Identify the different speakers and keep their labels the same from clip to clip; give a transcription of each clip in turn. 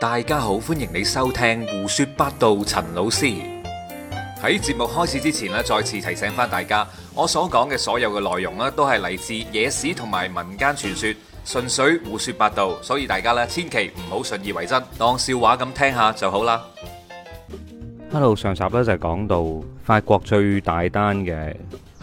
Speaker 1: 大家好，歡迎你收聽胡說八道。陳老師喺節目開始之前咧，再次提醒翻大家，我所講嘅所有嘅內容咧，都係嚟自野史同埋民間傳說，純粹胡說八道，所以大家咧千祈唔好信以為真，當笑話咁聽下就好啦。Hello，上集咧就係講到法國最大單嘅。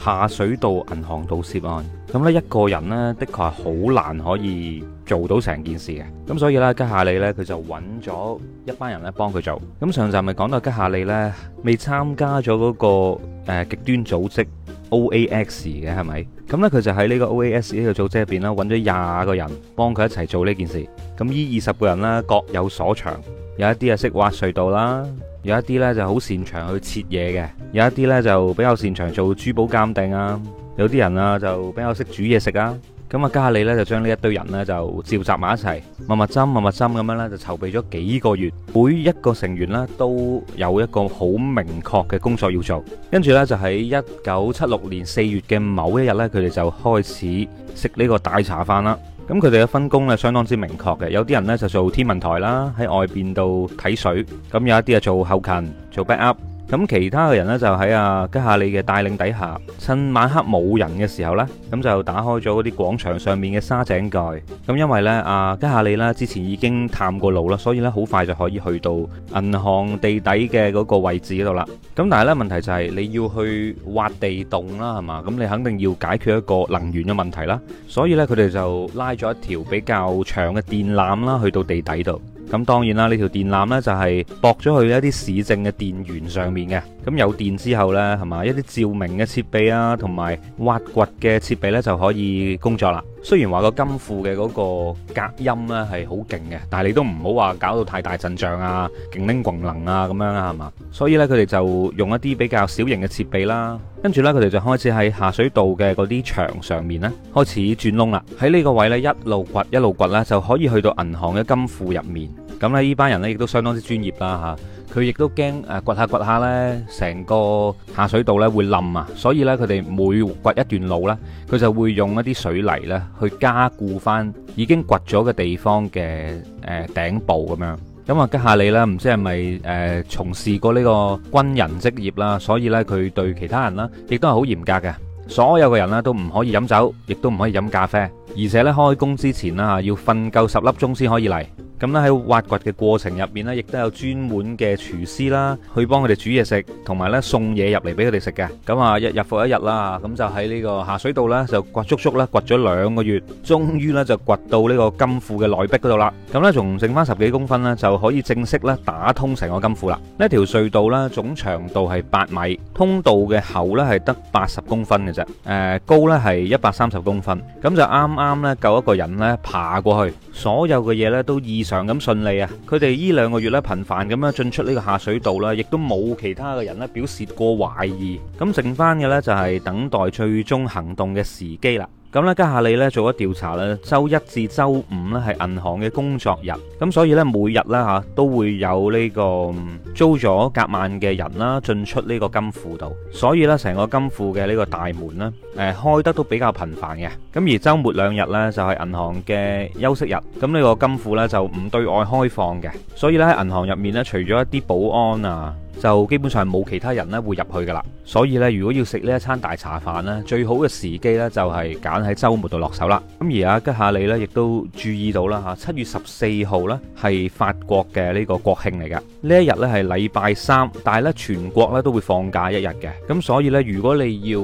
Speaker 1: 下水道銀行盜竊案，咁咧一個人呢，的確係好難可以做到成件事嘅。咁所以呢，吉夏利呢，佢就揾咗一班人咧幫佢做。咁上集咪講到吉夏利呢，未參加咗嗰、嗰個誒、呃、極端組織 OAX 嘅，係咪？咁呢，佢就喺呢個 OAX 呢個組織入邊啦，揾咗廿個人幫佢一齊做呢件事。咁呢二十個人呢，各有所長，有一啲係識挖隧道啦。有一啲咧就好擅長去切嘢嘅，有一啲咧就比較擅長做珠寶鑑定啊，有啲人啊就比較識煮嘢食啊。咁啊，加利咧就將呢一堆人咧就召集埋一齊，密密針密密針咁樣咧就籌備咗幾個月，每一個成員咧都有一個好明確嘅工作要做。跟住咧就喺一九七六年四月嘅某一日咧，佢哋就開始食呢個大茶飯啦。咁佢哋嘅分工咧，相當之明確嘅。有啲人呢就做天文台啦，喺外邊度睇水。咁有一啲啊做後勤，做 back up。咁其他嘅人咧就喺阿吉夏利嘅帶領底下，趁晚黑冇人嘅時候咧，咁就打開咗嗰啲廣場上面嘅沙井蓋。咁因為咧阿吉夏利啦之前已經探過路啦，所以咧好快就可以去到銀行地底嘅嗰個位置嗰度啦。咁但係咧問題就係你要去挖地洞啦，係嘛？咁你肯定要解決一個能源嘅問題啦。所以咧佢哋就拉咗一條比較長嘅電纜啦，去到地底度。咁當然啦，呢條電纜呢就係駁咗去一啲市政嘅電源上面嘅。咁有電之後呢，係嘛一啲照明嘅設備啊，同埋挖掘嘅設備呢就可以工作啦。雖然話個金庫嘅嗰個隔音呢係好勁嘅，但係你都唔好話搞到太大陣仗啊，勁拎窮能啊咁樣啊，係嘛？所以呢，佢哋就用一啲比較小型嘅設備啦，跟住呢，佢哋就開始喺下水道嘅嗰啲牆上面呢開始鑽窿啦。喺呢個位呢，一路掘一路掘呢，就可以去到銀行嘅金庫入面。咁咧，呢班人咧亦都相當之專業啦嚇。佢亦都驚誒掘下掘下咧，成個下水道咧會冧啊，所以咧佢哋每掘一段路咧，佢就會用一啲水泥咧去加固返已經掘咗嘅地方嘅誒頂部咁樣。咁啊，家下你咧唔知係咪誒從事過呢個軍人職業啦，所以咧佢對其他人啦亦都係好嚴格嘅。所有嘅人咧都唔可以飲酒，亦都唔可以飲咖啡，而且咧開工之前啦嚇要瞓夠十粒鐘先可以嚟。咁咧喺挖掘嘅過程入面咧，亦都有專門嘅廚師啦，去幫佢哋煮嘢食，同埋咧送嘢入嚟俾佢哋食嘅。咁啊，日日復一日啦，咁就喺呢個下水道咧，就掘足足啦，掘咗兩個月，終於咧就掘到呢個金庫嘅內壁嗰度啦。咁咧，仲剩翻十幾公分咧，就可以正式咧打通成個金庫啦。呢一條隧道咧，總長度係八米，通道嘅厚咧係得八十公分嘅啫，誒高咧係一百三十公分，咁就啱啱咧夠一個人咧爬過去。所有嘅嘢咧都異常咁順利啊！佢哋呢兩個月咧頻繁咁樣進出呢個下水道啦，亦都冇其他嘅人咧表示過懷疑。咁剩翻嘅呢，就係等待最終行動嘅時機啦。咁咧，家下你咧做咗調查咧，周一至周五咧係銀行嘅工作日，咁所以咧每日咧嚇都會有呢個租咗夾萬嘅人啦進出呢個金庫度，所以咧成個金庫嘅呢個大門咧誒開得都比較頻繁嘅。咁而週末兩日咧就係銀行嘅休息日，咁呢個金庫咧就唔對外開放嘅，所以咧喺銀行入面咧除咗一啲保安啊。就基本上冇其他人呢會入去噶啦，所以呢，如果要食呢一餐大茶飯呢，最好嘅時機、啊、呢，就係揀喺周末度落手啦。咁而家吉下你呢，亦都注意到啦吓，七月十四號呢係法國嘅呢個國慶嚟噶，呢一日呢係禮拜三，但係呢全國呢都會放假一日嘅，咁所以呢，如果你要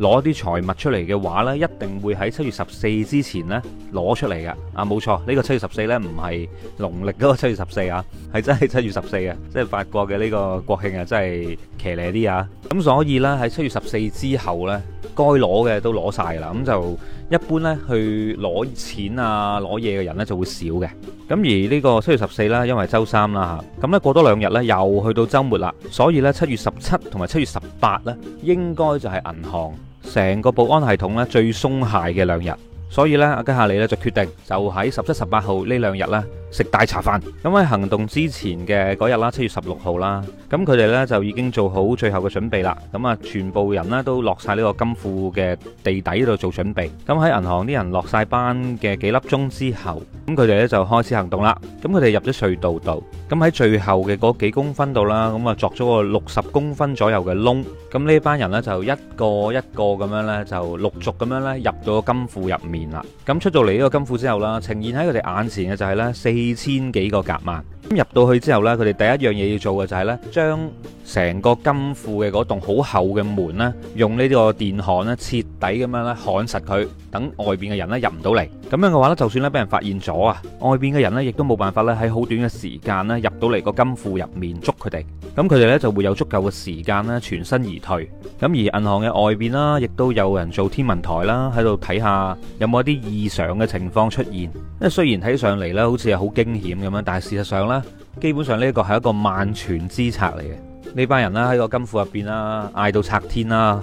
Speaker 1: 攞啲財物出嚟嘅話呢，一定會喺七月十四之前咧攞出嚟㗎。啊，冇錯，這個、呢個七月十四呢唔係農曆嗰個七月十四啊，係真係七月十四啊。即係法國嘅呢個國慶啊，真係騎呢啲啊。咁所以呢，喺七月十四之後呢，該攞嘅都攞晒啦。咁就，一般咧去攞錢啊攞嘢嘅人咧就會少嘅，咁而呢個七月十四啦，因為周三啦嚇，咁咧過多兩日咧又去到周末啦，所以咧七月十七同埋七月十八咧應該就係銀行成個保安系統咧最鬆懈嘅兩日，所以咧啊家下你咧就決定就喺十七十八號呢兩日啦。食大茶飯。咁喺行動之前嘅嗰日啦，七月十六號啦，咁佢哋呢就已經做好最後嘅準備啦。咁啊，全部人呢都落曬呢個金庫嘅地底度做準備。咁喺銀行啲人落曬班嘅幾粒鐘之後，咁佢哋呢就開始行動啦。咁佢哋入咗隧道度，咁喺最後嘅嗰幾公分度啦，咁啊鑿咗個六十公分左右嘅窿。咁呢班人呢就一個一個咁樣呢就陸續咁樣呢入到金庫入面啦。咁出到嚟呢個金庫之後啦，呈現喺佢哋眼前嘅就係呢四。四千幾個夾萬。咁入到去之後呢，佢哋第一樣嘢要做嘅就係呢：將成個金庫嘅嗰棟好厚嘅門呢，用呢啲個電焊呢徹底咁樣咧焊實佢，等外邊嘅人呢入唔到嚟。咁樣嘅話呢，就算呢俾人發現咗啊，外邊嘅人呢亦都冇辦法咧喺好短嘅時間呢入到嚟個金庫入面捉佢哋。咁佢哋呢就會有足夠嘅時間呢全身而退。咁而銀行嘅外邊啦，亦都有人做天文台啦，喺度睇下有冇一啲異常嘅情況出現。因為雖然睇上嚟呢好似係好驚險咁樣，但係事實上呢，基本上呢一個係一個萬全之策嚟嘅。呢班人啦喺個金庫入邊啦，嗌到拆天啦，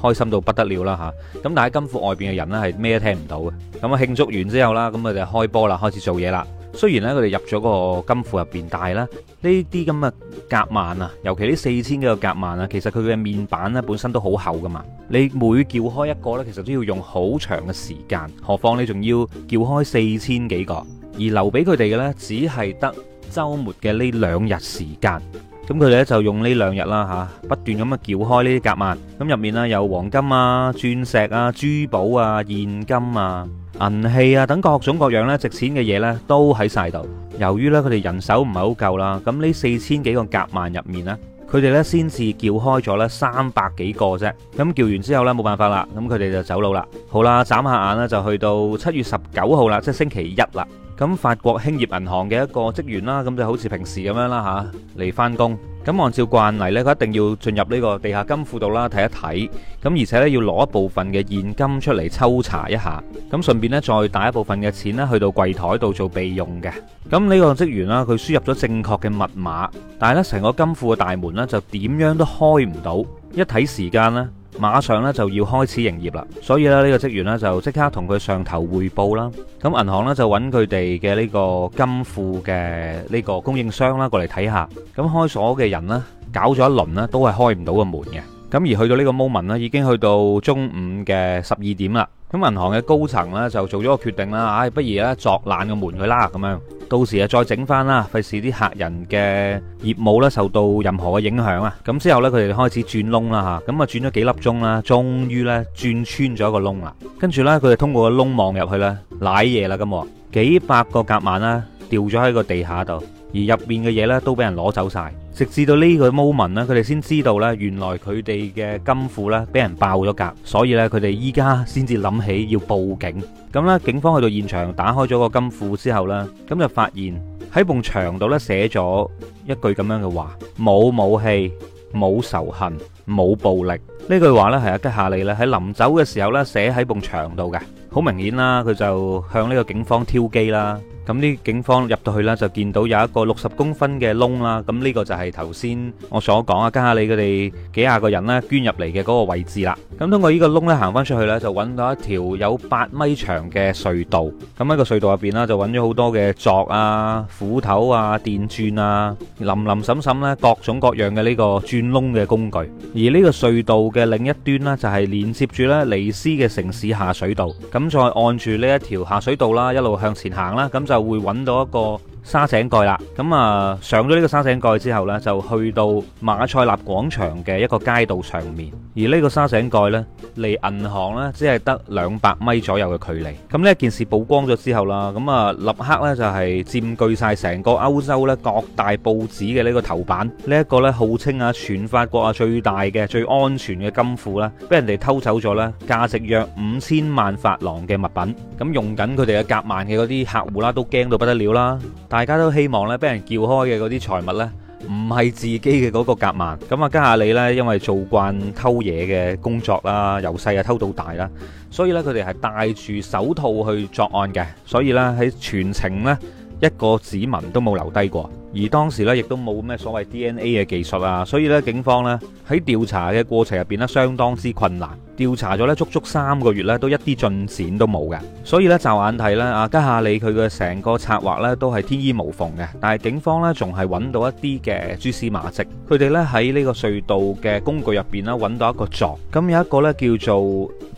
Speaker 1: 開心到不得了啦吓，咁但係金庫外邊嘅人呢，係咩都聽唔到嘅。咁、嗯、啊慶祝完之後啦，咁佢哋開波啦，開始做嘢啦。雖然呢，佢哋入咗嗰個金庫入邊，但係咧呢啲咁嘅夾萬啊，尤其呢四千幾個夾萬啊，其實佢嘅面板呢，本身都好厚噶嘛。你每撬開一個呢，其實都要用好長嘅時間，何況你仲要撬開四千幾個。而留俾佢哋嘅呢，只係得週末嘅呢兩日時間。咁佢哋咧就用呢兩日啦嚇，不斷咁樣撬開呢啲夾萬，咁入面咧，有黃金啊、鑽石啊、珠寶啊、現金啊、銀器啊等各種各樣咧值錢嘅嘢呢，都喺晒度。由於呢佢哋人手唔係好夠啦，咁呢四千幾個夾萬入面呢，佢哋呢先至撬開咗呢三百幾個啫。咁撬完之後呢，冇辦法啦，咁佢哋就走佬啦。好啦，眨下眼啦，就去到七月十九號啦，即係星期一啦。咁法國興業銀行嘅一個職員啦，咁就好似平時咁樣啦吓嚟翻工。咁按照慣例呢，佢一定要進入呢個地下金庫度啦睇一睇。咁而且呢，要攞一部分嘅現金出嚟抽查一下。咁順便呢，再帶一部分嘅錢呢，去到櫃台度做備用嘅。咁呢個職員啦，佢輸入咗正確嘅密碼，但係呢，成個金庫嘅大門呢，就點樣都開唔到。一睇時間呢。馬上咧，就要開始營業啦，所以咧，呢個職員咧，就即刻同佢上頭匯報啦。咁銀行咧，就揾佢哋嘅呢個金庫嘅呢個供應商啦，過嚟睇下。咁開鎖嘅人呢，搞咗一輪咧，都係開唔到個門嘅。咁而去到呢個 moment 咧，已經去到中午嘅十二點啦。咁銀行嘅高層呢，就做咗個決定啦，唉，不如呢，作爛個門佢啦，咁樣，到時啊，再整翻啦，費事啲客人嘅業務咧受到任何嘅影響啊！咁之後呢，佢哋開始轉窿啦吓，咁啊轉咗幾粒鐘啦，終於呢，轉穿咗一個窿啦，跟住呢，佢哋通過個窿望入去咧，舐嘢啦咁喎，幾百個夾萬啦掉咗喺個地下度，而入面嘅嘢呢，都俾人攞走晒。直至到呢個 moment 咧，佢哋先知道咧，原來佢哋嘅金庫咧俾人爆咗格，所以咧佢哋依家先至諗起要報警。咁咧，警方去到現場打開咗個金庫之後咧，咁就發現喺埲牆度咧寫咗一句咁樣嘅話：冇武器、冇仇恨、冇暴力。呢句話咧係阿吉夏利咧喺臨走嘅時候咧寫喺埲牆度嘅。好明顯啦，佢就向呢個警方挑機啦。咁呢，警方入到去啦，就見到有一個六十公分嘅窿啦。咁呢個就係頭先我所講啊，家下佢哋幾廿個人咧捐入嚟嘅嗰個位置啦。咁通過呢個窿咧，行翻出去咧，就揾到一條有八米長嘅隧道。咁喺個隧道入邊啦，就揾咗好多嘅鑿啊、斧頭啊、電鑽啊、淋淋滲滲咧，各種各樣嘅呢個鑽窿嘅工具。而呢個隧道嘅另一端咧，就係連接住呢尼斯嘅城市下水道。咁再按住呢一條下水道啦，一路向前行啦，咁就。就會揾到一個。沙井蓋啦，咁啊上咗呢個沙井蓋之後呢，就去到馬賽納廣場嘅一個街道上面。而呢個沙井蓋呢，離銀行呢，只係得兩百米左右嘅距離。咁呢件事曝光咗之後啦，咁啊，立刻呢，就係佔據晒成個歐洲咧各大報紙嘅呢個頭版。呢、這、一個呢，號稱啊全法國啊最大嘅最安全嘅金庫啦，俾人哋偷走咗呢價值約五千萬法郎嘅物品。咁用緊佢哋嘅夾萬嘅嗰啲客戶啦，都驚到不得了啦。大家都希望咧，被人撬開嘅嗰啲財物咧，唔係自己嘅嗰個夾萬。咁啊，家下你咧，因為做慣偷嘢嘅工作啦，由細啊偷到大啦，所以咧佢哋係戴住手套去作案嘅，所以咧喺全程咧一個指紋都冇留低過。而當時咧亦都冇咩所謂 DNA 嘅技術啊，所以咧警方咧喺調查嘅過程入邊咧相當之困難。調查咗咧足足三個月咧，都一啲進展都冇嘅，所以咧就眼睇咧啊，家下你佢嘅成個策劃咧都係天衣無縫嘅，但係警方咧仲係揾到一啲嘅蛛絲馬跡，佢哋咧喺呢個隧道嘅工具入邊咧揾到一個鑿，咁有一個咧叫做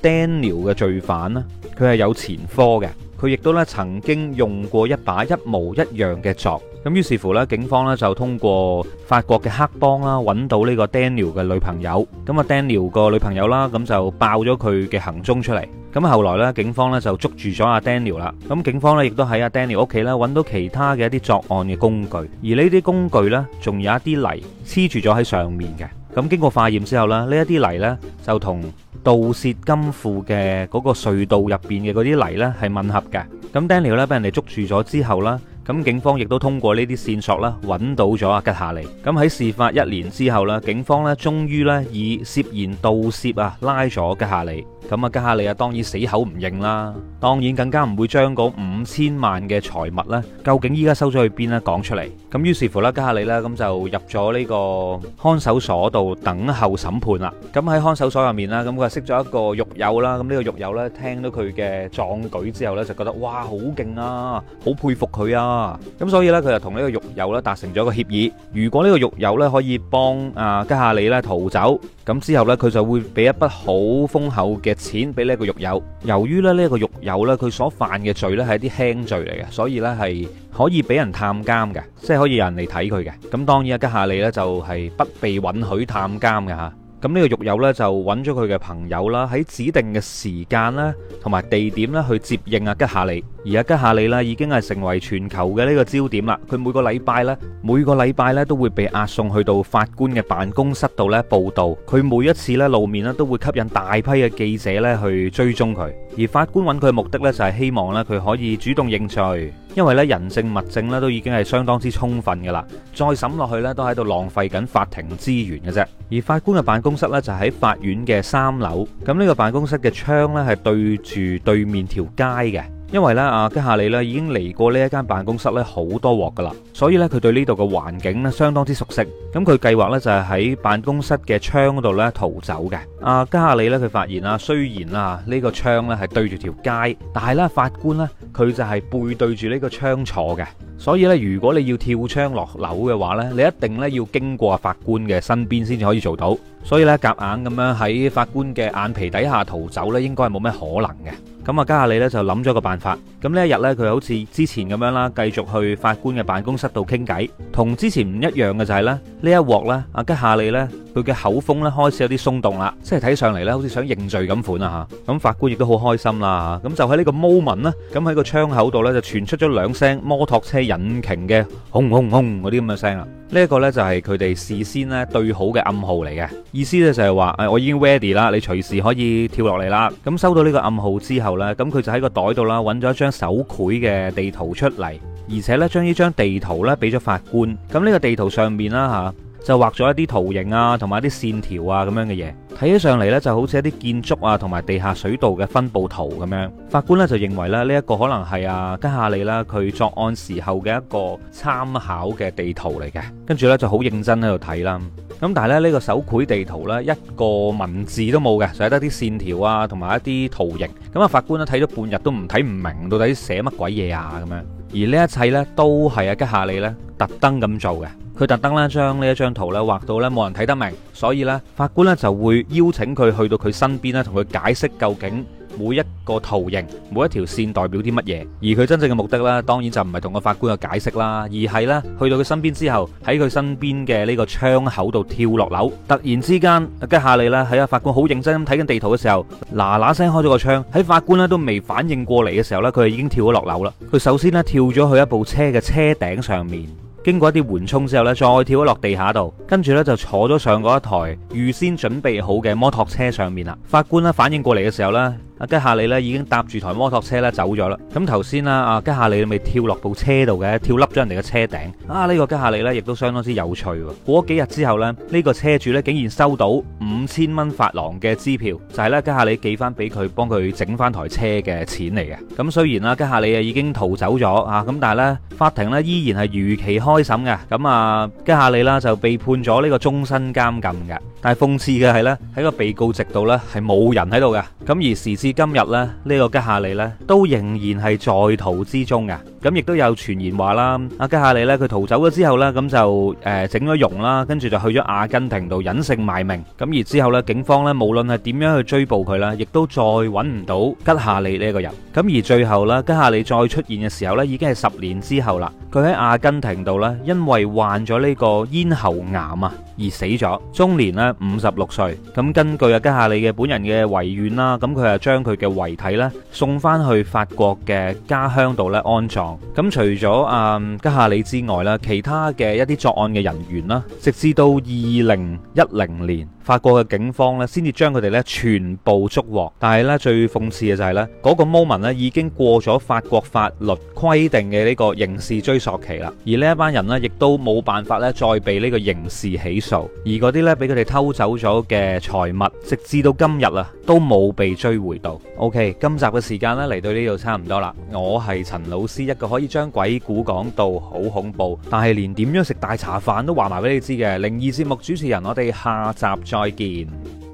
Speaker 1: Daniel 嘅罪犯啦，佢係有前科嘅。佢亦都咧曾經用過一把一模一樣嘅鑿，咁於是乎咧，警方咧就通過法國嘅黑幫啦，揾到呢個 Daniel 嘅女朋友，咁啊 Daniel 個女朋友啦，咁就爆咗佢嘅行蹤出嚟，咁後來咧，警方咧就捉住咗阿 Daniel 啦，咁警方咧亦都喺阿 Daniel 屋企咧揾到其他嘅一啲作案嘅工具，而呢啲工具咧，仲有一啲泥黐住咗喺上面嘅。咁經過化驗之後啦，呢一啲泥呢就同盜竊金庫嘅嗰個隧道入邊嘅嗰啲泥呢係吻合嘅。咁 Daniel 咧俾人哋捉住咗之後啦，咁警方亦都通過呢啲線索啦揾到咗阿吉夏利。咁喺事發一年之後啦，警方呢終於呢以涉嫌盜竊啊拉咗吉夏利。咁啊吉夏利啊當然死口唔認啦，當然更加唔會將嗰五千萬嘅財物呢究竟依家收咗去邊呢講出嚟。咁於是乎咧，加下你咧，咁就入咗呢個看守所度等候審判啦。咁喺看守所入面啦，咁佢識咗一個獄友啦。咁呢個獄友咧，聽到佢嘅壯舉之後咧，就覺得哇好勁啊，好佩服佢啊。咁所以咧，佢就同呢個獄友咧達成咗一個協議，如果呢個獄友咧可以幫啊加下你咧逃走，咁之後咧佢就會俾一筆好豐厚嘅錢俾呢一個獄友。由於咧呢一個獄友咧佢所犯嘅罪咧係一啲輕罪嚟嘅，所以咧係可以俾人探監嘅，即係可嘅人嚟睇佢嘅。咁當然阿吉夏利呢就係不被允許探監嘅嚇。咁呢個獄友呢就揾咗佢嘅朋友啦，喺指定嘅時間咧同埋地點呢去接應阿吉夏利。而阿吉夏利呢已經係成為全球嘅呢個焦點啦。佢每個禮拜呢，每個禮拜呢都會被押送去到法官嘅辦公室度呢報到。佢每一次呢露面呢都會吸引大批嘅記者呢去追蹤佢。而法官揾佢目的呢，就係希望呢，佢可以主動認罪，因為呢，人證物證呢，都已經係相當之充分噶啦，再審落去呢，都喺度浪費緊法庭資源嘅啫。而法官嘅辦公室呢，就喺法院嘅三樓，咁、這、呢個辦公室嘅窗呢，係對住對面條街嘅。因為咧，阿加里咧已經嚟過呢一間辦公室咧好多鑊噶啦，所以咧佢對呢度嘅環境咧相當之熟悉。咁佢計劃咧就係喺辦公室嘅窗度咧逃走嘅。阿加里咧佢發現啦，雖然啊呢個窗咧係對住條街，但係咧法官咧佢就係背對住呢個窗坐嘅。所以咧如果你要跳窗落樓嘅話咧，你一定咧要經過法官嘅身邊先至可以做到。所以咧夾硬咁樣喺法官嘅眼皮底下逃走咧，應該係冇咩可能嘅。咁啊，吉夏利咧就諗咗個辦法。咁呢一日咧，佢好似之前咁樣啦，繼續去法官嘅辦公室度傾偈。同之前唔一樣嘅就係咧，呢一鑊咧，阿吉夏利咧，佢嘅口風咧開始有啲鬆動啦，即係睇上嚟咧，好似想認罪咁款啊吓。咁法官亦都好開心啦吓。咁就喺呢個 moment 啦，咁喺個窗口度咧就傳出咗兩聲摩托車引擎嘅轟轟轟嗰啲咁嘅聲啦。呢一個咧就係佢哋事先咧對好嘅暗號嚟嘅，意思咧就係話，誒，我已經 ready 啦，你隨時可以跳落嚟啦。咁收到呢個暗號之後，咧，咁佢就喺個袋度啦，搵咗一張手繪嘅地圖出嚟，而且咧將呢張地圖咧俾咗法官。咁呢個地圖上面啦吓，就畫咗一啲圖形啊，同埋一啲線條啊咁樣嘅嘢，睇起上嚟呢，就好似一啲建築啊同埋地下水道嘅分布圖咁樣。法官呢，就認為咧呢一個可能係阿加哈利啦佢作案時候嘅一個參考嘅地圖嚟嘅，跟住呢，就好認真喺度睇啦。咁但係咧呢個手繪地圖呢一個文字都冇嘅，就係得啲線條啊，同埋一啲圖形。咁啊法官咧睇咗半日都唔睇唔明，到底寫乜鬼嘢啊咁樣。而呢一切呢，都係阿吉夏利呢特登咁做嘅，佢特登呢將呢一張圖呢畫到呢冇人睇得明，所以呢法官呢就會邀請佢去到佢身邊呢，同佢解釋究竟。每一個圖形，每一條線代表啲乜嘢？而佢真正嘅目的咧，當然就唔係同個法官嘅解釋啦，而係咧去到佢身邊之後，喺佢身邊嘅呢個窗口度跳落樓。突然之間，吉哈利咧喺阿法官好認真咁睇緊地圖嘅時候，嗱嗱聲開咗個窗，喺法官咧都未反應過嚟嘅時候咧，佢已經跳咗落樓啦。佢首先咧跳咗去一部車嘅車頂上面，經過一啲緩衝之後咧，再跳咗落地下度，跟住咧就坐咗上嗰一台預先準備好嘅摩托車上面啦。法官咧反應過嚟嘅時候咧。阿吉夏利咧已經搭住台摩托車咧走咗啦。咁頭先啦，阿吉夏利咪跳落部車度嘅，跳笠咗人哋嘅車頂。啊，呢個吉夏利咧亦都相當之有趣。過咗幾日之後咧，呢個車主咧竟然收到五千蚊法郎嘅支票，就係咧吉夏利寄翻俾佢，幫佢整翻台車嘅錢嚟嘅。咁雖然啦，吉夏利啊已經逃走咗啊，咁但係咧法庭咧依然係如期開審嘅。咁啊，吉夏利啦就被判咗呢個終身監禁嘅。但係諷刺嘅係咧，喺個被告席度咧係冇人喺度嘅。咁而時至今日咧，呢個吉夏利咧都仍然係在逃之中嘅。咁亦都有傳言話啦，阿吉夏利咧佢逃走咗之後咧，咁就誒整咗容啦，跟住就去咗阿根廷度隱姓埋名。咁而之後咧，警方咧無論係點樣去追捕佢啦，亦都再揾唔到吉夏利呢一個人。咁而最後咧，吉夏利再出現嘅時候咧，已經係十年之後啦。佢喺阿根廷度咧，因為患咗呢個咽喉癌啊而死咗，終年咧五十六歲。咁根據啊吉夏里嘅本人嘅遺願啦，咁佢啊，將佢嘅遺體咧送翻去法國嘅家鄉度咧安葬。咁除咗啊吉夏里之外啦，其他嘅一啲作案嘅人員啦，直至到二零一零年，法國嘅警方咧先至將佢哋咧全部捉獲。但係咧最諷刺嘅就係咧，嗰個 moment 咧已經過咗法國法律規定嘅呢個刑事追坐期啦，而呢一班人呢，亦都冇辦法咧再被呢個刑事起訴，而嗰啲呢，俾佢哋偷走咗嘅財物，直至到今日啊，都冇被追回到。OK，今集嘅時間呢，嚟到呢度差唔多啦。我係陳老師，一個可以將鬼故講到好恐怖，但係連點樣食大茶飯都話埋俾你知嘅靈異節目主持人。我哋下集再見。